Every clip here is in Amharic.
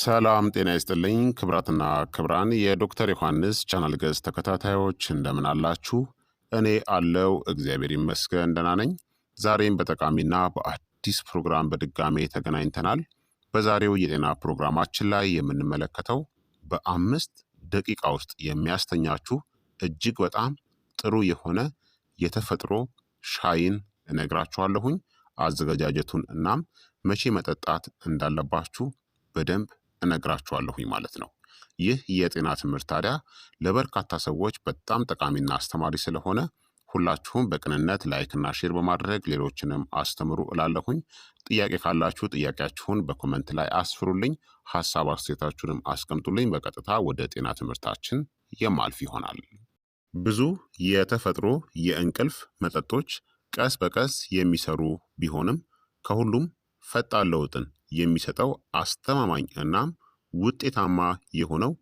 ሰላም ጤና ይስጥልኝ ክብራትና ክብራን የዶክተር ዮሐንስ ቻናል ገጽ ተከታታዮች እንደምን አላችሁ? እኔ አለው እግዚአብሔር ይመስገን ደህና ነኝ። ዛሬም በጠቃሚና በአዲስ ፕሮግራም በድጋሜ ተገናኝተናል። በዛሬው የጤና ፕሮግራማችን ላይ የምንመለከተው በአምስት ደቂቃ ውስጥ የሚያስተኛችሁ እጅግ በጣም ጥሩ የሆነ የተፈጥሮ ሻይን እነግራችኋለሁኝ። አዘገጃጀቱን እናም መቼ መጠጣት እንዳለባችሁ በደንብ እነግራችኋለሁኝ ማለት ነው። ይህ የጤና ትምህርት ታዲያ ለበርካታ ሰዎች በጣም ጠቃሚና አስተማሪ ስለሆነ ሁላችሁም በቅንነት ላይክና ሼር በማድረግ ሌሎችንም አስተምሩ እላለሁኝ። ጥያቄ ካላችሁ ጥያቄያችሁን በኮመንት ላይ አስፍሩልኝ፣ ሀሳብ አስተያየታችሁንም አስቀምጡልኝ። በቀጥታ ወደ ጤና ትምህርታችን የማልፍ ይሆናል። ብዙ የተፈጥሮ የእንቅልፍ መጠጦች ቀስ በቀስ የሚሰሩ ቢሆንም ከሁሉም ፈጣን ለውጥን የሚሰጠው አስተማማኝ እናም ውጤታማ የሆነው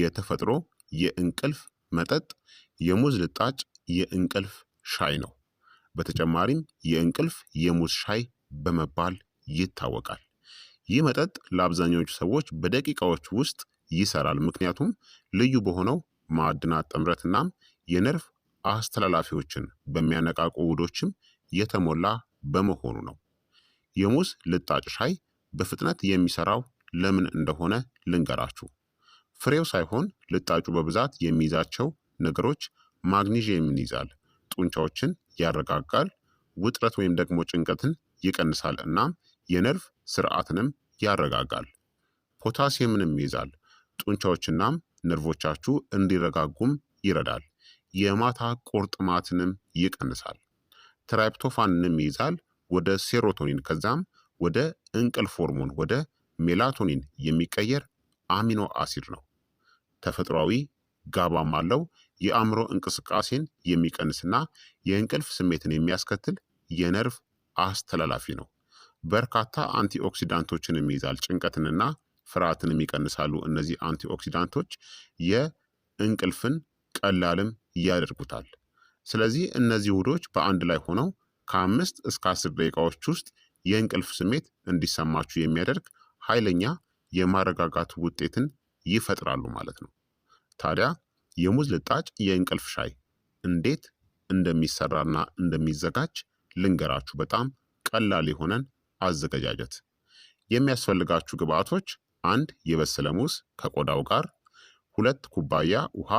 የተፈጥሮ የእንቅልፍ መጠጥ የሙዝ ልጣጭ የእንቅልፍ ሻይ ነው። በተጨማሪም የእንቅልፍ የሙዝ ሻይ በመባል ይታወቃል። ይህ መጠጥ ለአብዛኛዎቹ ሰዎች በደቂቃዎች ውስጥ ይሰራል፣ ምክንያቱም ልዩ በሆነው ማዕድናት ጥምረት እናም የነርቭ አስተላላፊዎችን በሚያነቃቁ ውዶችም የተሞላ በመሆኑ ነው። የሙዝ ልጣጭ ሻይ በፍጥነት የሚሰራው ለምን እንደሆነ ልንገራችሁ። ፍሬው ሳይሆን ልጣጩ በብዛት የሚይዛቸው ነገሮች ማግኒዥየምን ይዛል፣ ጡንቻዎችን ያረጋጋል፣ ውጥረት ወይም ደግሞ ጭንቀትን ይቀንሳል፣ እናም የነርቭ ስርዓትንም ያረጋጋል። ፖታሲየምንም ይይዛል፣ ጡንቻዎችናም ነርቮቻችሁ እንዲረጋጉም ይረዳል። የማታ ቁርጥማትንም ይቀንሳል። ትራይፕቶፋንንም ይይዛል፣ ወደ ሴሮቶኒን ከዛም ወደ እንቅልፍ ሆርሞን ወደ ሜላቶኒን የሚቀየር አሚኖ አሲድ ነው። ተፈጥሯዊ ጋባም አለው። የአእምሮ እንቅስቃሴን የሚቀንስና የእንቅልፍ ስሜትን የሚያስከትል የነርቭ አስተላላፊ ነው። በርካታ አንቲኦክሲዳንቶችን የሚይዛል። ጭንቀትንና ፍርሃትንም ይቀንሳሉ። እነዚህ አንቲኦክሲዳንቶች የእንቅልፍን ቀላልም ያደርጉታል። ስለዚህ እነዚህ ውህዶች በአንድ ላይ ሆነው ከአምስት እስከ አስር ደቂቃዎች ውስጥ የእንቅልፍ ስሜት እንዲሰማችሁ የሚያደርግ ኃይለኛ የማረጋጋት ውጤትን ይፈጥራሉ ማለት ነው። ታዲያ የሙዝ ልጣጭ የእንቅልፍ ሻይ እንዴት እንደሚሰራና እንደሚዘጋጅ ልንገራችሁ። በጣም ቀላል የሆነን አዘገጃጀት የሚያስፈልጋችሁ ግብአቶች አንድ የበሰለ ሙዝ ከቆዳው ጋር፣ ሁለት ኩባያ ውሃ፣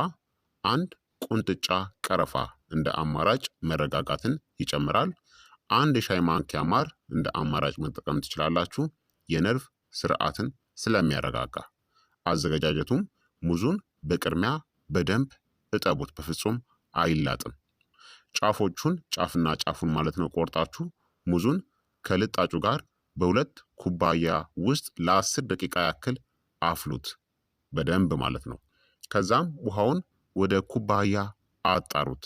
አንድ ቁንጥጫ ቀረፋ እንደ አማራጭ መረጋጋትን ይጨምራል። አንድ የሻይ ማንኪያ ማር እንደ አማራጭ መጠቀም ትችላላችሁ። የነርቭ ስርዓትን ስለሚያረጋጋ። አዘገጃጀቱም ሙዙን በቅድሚያ በደንብ እጠቡት፣ በፍጹም አይላጥም። ጫፎቹን ጫፍና ጫፉን ማለት ነው ቆርጣችሁ ሙዙን ከልጣጩ ጋር በሁለት ኩባያ ውስጥ ለአስር ደቂቃ ያክል አፍሉት በደንብ ማለት ነው። ከዛም ውሃውን ወደ ኩባያ አጣሩት።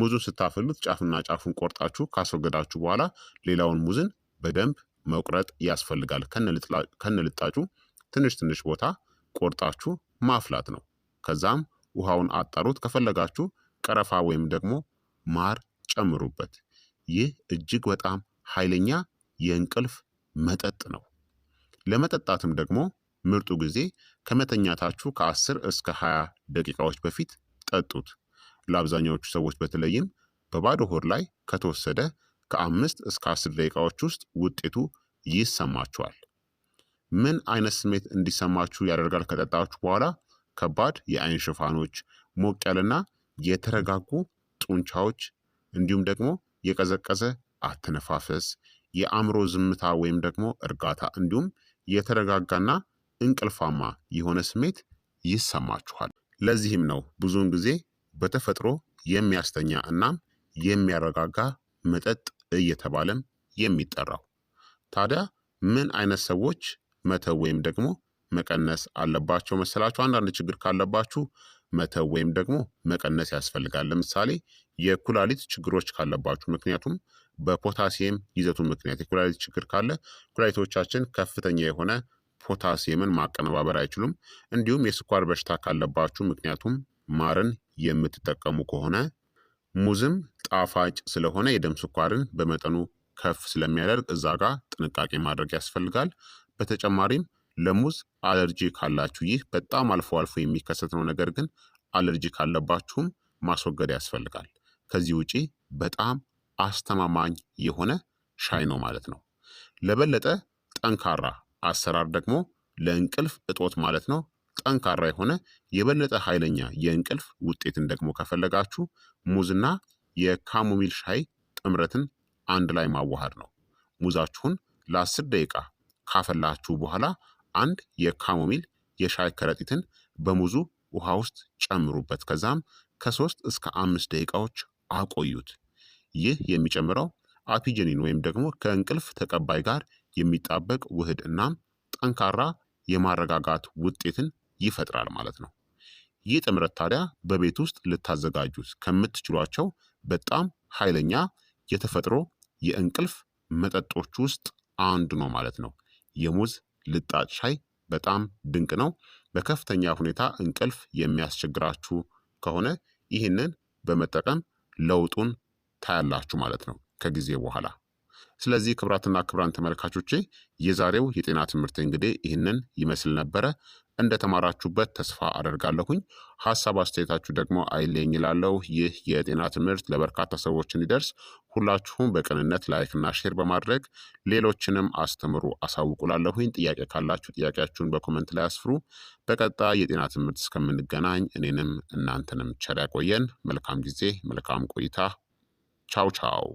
ሙዙን ስታፈሉት ጫፍና ጫፉን ቆርጣችሁ ካስወገዳችሁ በኋላ ሌላውን ሙዝን በደንብ መቁረጥ ያስፈልጋል። ከነልጣጩ ትንሽ ትንሽ ቦታ ቆርጣችሁ ማፍላት ነው። ከዛም ውሃውን አጣሩት። ከፈለጋችሁ ቀረፋ ወይም ደግሞ ማር ጨምሩበት። ይህ እጅግ በጣም ኃይለኛ የእንቅልፍ መጠጥ ነው። ለመጠጣትም ደግሞ ምርጡ ጊዜ ከመተኛታችሁ ከ10 እስከ 20 ደቂቃዎች በፊት ጠጡት። ለአብዛኛዎቹ ሰዎች በተለይም በባዶ ሆድ ላይ ከተወሰደ ከአምስት እስከ አስር ደቂቃዎች ውስጥ ውጤቱ ይሰማችኋል። ምን አይነት ስሜት እንዲሰማችሁ ያደርጋል? ከጠጣችሁ በኋላ ከባድ የአይን ሽፋኖች፣ ሞቅ ያለና የተረጋጉ ጡንቻዎች እንዲሁም ደግሞ የቀዘቀዘ አተነፋፈስ፣ የአእምሮ ዝምታ ወይም ደግሞ እርጋታ እንዲሁም የተረጋጋና እንቅልፋማ የሆነ ስሜት ይሰማችኋል። ለዚህም ነው ብዙውን ጊዜ በተፈጥሮ የሚያስተኛ እናም የሚያረጋጋ መጠጥ እየተባለም የሚጠራው። ታዲያ ምን አይነት ሰዎች መተው ወይም ደግሞ መቀነስ አለባቸው መሰላችሁ? አንዳንድ ችግር ካለባችሁ መተው ወይም ደግሞ መቀነስ ያስፈልጋል። ለምሳሌ የኩላሊት ችግሮች ካለባችሁ፣ ምክንያቱም በፖታሲየም ይዘቱ ምክንያት የኩላሊት ችግር ካለ ኩላሊቶቻችን ከፍተኛ የሆነ ፖታሲየምን ማቀነባበር አይችሉም። እንዲሁም የስኳር በሽታ ካለባችሁ፣ ምክንያቱም ማርን የምትጠቀሙ ከሆነ ሙዝም ጣፋጭ ስለሆነ የደም ስኳርን በመጠኑ ከፍ ስለሚያደርግ እዛ ጋር ጥንቃቄ ማድረግ ያስፈልጋል። በተጨማሪም ለሙዝ አለርጂ ካላችሁ ይህ በጣም አልፎ አልፎ የሚከሰት ነው። ነገር ግን አለርጂ ካለባችሁም ማስወገድ ያስፈልጋል። ከዚህ ውጪ በጣም አስተማማኝ የሆነ ሻይ ነው ማለት ነው። ለበለጠ ጠንካራ አሰራር ደግሞ ለእንቅልፍ እጦት ማለት ነው ጠንካራ የሆነ የበለጠ ኃይለኛ የእንቅልፍ ውጤትን ደግሞ ከፈለጋችሁ ሙዝና የካሞሚል ሻይ ጥምረትን አንድ ላይ ማዋሃድ ነው። ሙዛችሁን ለአስር ደቂቃ ካፈላችሁ በኋላ አንድ የካሞሚል የሻይ ከረጢትን በሙዙ ውሃ ውስጥ ጨምሩበት። ከዛም ከሶስት እስከ አምስት ደቂቃዎች አቆዩት። ይህ የሚጨምረው አፒጀኒን ወይም ደግሞ ከእንቅልፍ ተቀባይ ጋር የሚጣበቅ ውህድ እናም ጠንካራ የማረጋጋት ውጤትን ይፈጥራል ማለት ነው። ይህ ጥምረት ታዲያ በቤት ውስጥ ልታዘጋጁት ከምትችሏቸው በጣም ኃይለኛ የተፈጥሮ የእንቅልፍ መጠጦች ውስጥ አንዱ ነው ማለት ነው። የሙዝ ልጣጭ ሻይ በጣም ድንቅ ነው። በከፍተኛ ሁኔታ እንቅልፍ የሚያስቸግራችሁ ከሆነ ይህንን በመጠቀም ለውጡን ታያላችሁ ማለት ነው ከጊዜ በኋላ ስለዚህ ክብራትና ክብራን ተመልካቾቼ የዛሬው የጤና ትምህርት እንግዲህ ይህንን ይመስል ነበረ። እንደተማራችሁበት ተስፋ አደርጋለሁኝ። ሀሳብ አስተያየታችሁ ደግሞ አይለኝ ይላለው። ይህ የጤና ትምህርት ለበርካታ ሰዎች እንዲደርስ ሁላችሁም በቅንነት ላይክና ሼር በማድረግ ሌሎችንም አስተምሩ፣ አሳውቁላለሁኝ። ጥያቄ ካላችሁ ጥያቄያችሁን በኮመንት ላይ አስፍሩ። በቀጣ የጤና ትምህርት እስከምንገናኝ እኔንም እናንተንም ቸር ያቆየን። መልካም ጊዜ፣ መልካም ቆይታ። ቻው ቻው።